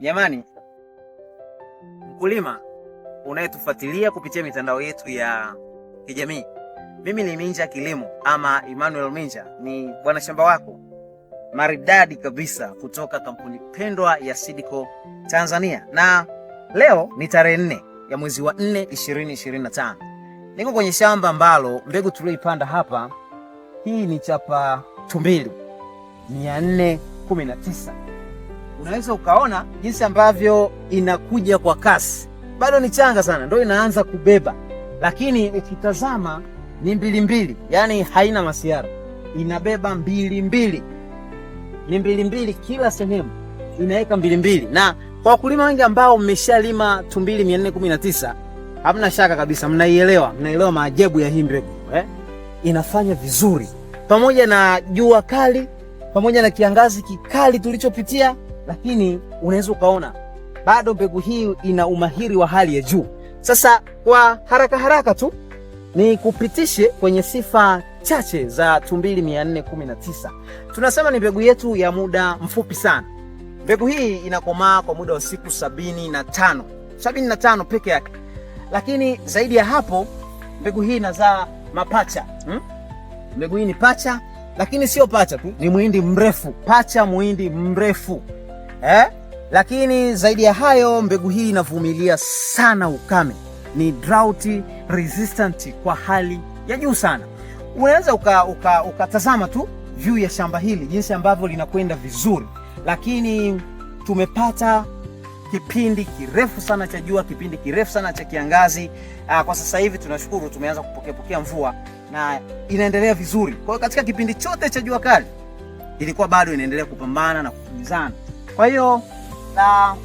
Jamani, mkulima unayetufuatilia kupitia mitandao yetu ya kijamii, mimi ni Minja Kilimo ama Emmanuel Minja, ni bwana shamba wako maridadi kabisa kutoka kampuni pendwa ya Sidiko Tanzania, na leo ni tarehe nne ya mwezi wa 4 2025. Niko kwenye shamba ambalo mbegu tulioipanda hapa, hii ni chapa tumbili 419 unaweza ukaona jinsi ambavyo inakuja kwa kasi. Bado ni changa sana, ndio inaanza kubeba, lakini ukitazama ni mbili mbili, yaani haina masiara, inabeba mbili mbili, ni mbili mbili, kila sehemu inaweka mbili mbili. Na kwa wakulima wengi ambao mmeshalima tumbili 419 hamna shaka kabisa, mnaielewa, mnaelewa maajabu ya hii mbegu eh? Inafanya vizuri pamoja na jua kali, pamoja na kiangazi kikali tulichopitia lakini unaweza ukaona bado mbegu hii ina umahiri wa hali ya juu. Sasa kwa haraka haraka tu ni kupitishe kwenye sifa chache za tumbili 419. Tunasema ni mbegu yetu ya muda mfupi sana. Mbegu hii inakomaa kwa muda wa siku sabini na tano sabini na tano peke yake, lakini zaidi ya hapo mbegu hii inazaa mapacha hmm? Mbegu hii ni pacha, lakini sio pacha tu, ni muhindi mrefu. Pacha muhindi mrefu eh? Lakini zaidi ya hayo, mbegu hii inavumilia sana ukame, ni drought resistant kwa hali ya juu sana. Unaweza ukatazama uka, uka tu juu ya shamba hili jinsi ambavyo linakwenda vizuri, lakini tumepata kipindi kirefu sana cha jua, kipindi kirefu sana cha kiangazi. Ah, kwa sasa hivi tunashukuru tumeanza kupokea pokea mvua na inaendelea vizuri. Kwa hiyo katika kipindi chote cha jua kali ilikuwa bado inaendelea kupambana na kukimbizana. Kwa hiyo na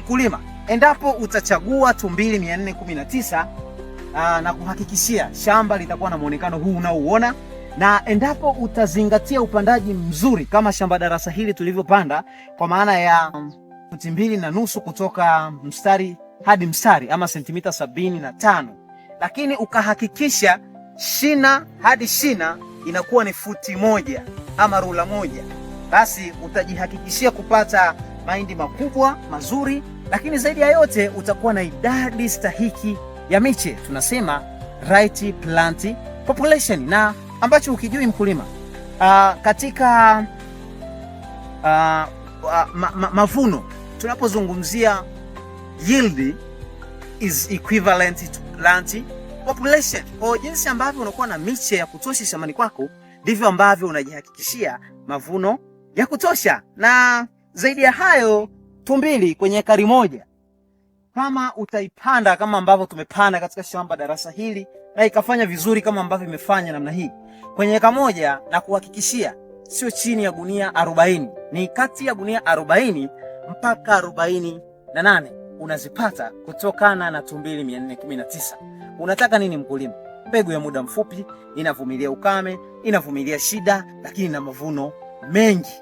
mkulima, endapo utachagua tumbili 419 uh, ah, na kuhakikishia shamba litakuwa na muonekano huu unaouona, na endapo utazingatia upandaji mzuri kama shamba darasa hili tulivyopanda, kwa maana ya futi mbili na nusu kutoka mstari hadi mstari ama sentimita sabini na tano lakini ukahakikisha shina hadi shina inakuwa ni futi moja ama rula moja basi utajihakikishia kupata mahindi makubwa mazuri, lakini zaidi ya yote utakuwa na idadi stahiki ya miche, tunasema right plant population, na ambacho ukijui mkulima uh, katika uh, uh, ma ma mavuno tunapozungumzia yield is equivalent to plant population. Kwa jinsi ambavyo unakuwa na miche ya kutosha shambani kwako, ndivyo ambavyo unajihakikishia mavuno ya kutosha, na zaidi ya hayo tumbili kwenye ekari moja kama utaipanda kama ambavyo tumepanda katika shamba darasa hili na ikafanya vizuri kama ambavyo imefanya namna hii kwenye eka moja, na kuhakikishia sio chini ya gunia arobaini, ni kati ya gunia arobaini mpaka arobaini na nane unazipata kutokana na tumbili 419. Unataka nini mkulima? Mbegu ya muda mfupi, inavumilia ukame, inavumilia shida, lakini na mavuno mengi.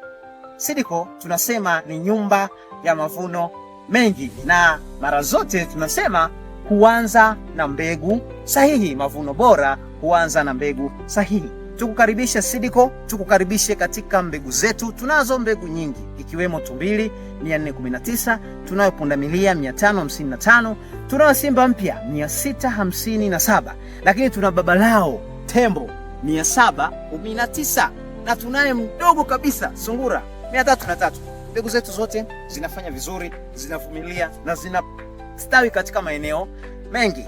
Sidiko tunasema ni nyumba ya mavuno mengi, na mara zote tunasema huanza na mbegu sahihi. Mavuno bora huanza na mbegu sahihi. Tukukaribishe Sidiko, tukukaribishe katika mbegu zetu. Tunazo mbegu nyingi ikiwemo tumbili 419, tunayo pundamilia 555, tunayo simba mpya 657, lakini tuna babalao tembo 719 na tunaye mdogo kabisa sungura mia tatu na tatu. Mbegu zetu zote zinafanya vizuri, zinavumilia na zinastawi katika maeneo mengi.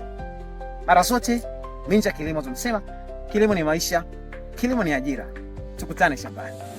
Mara zote Minja Kilimo tunasema kilimo ni maisha, kilimo ni ajira. Tukutane shambani.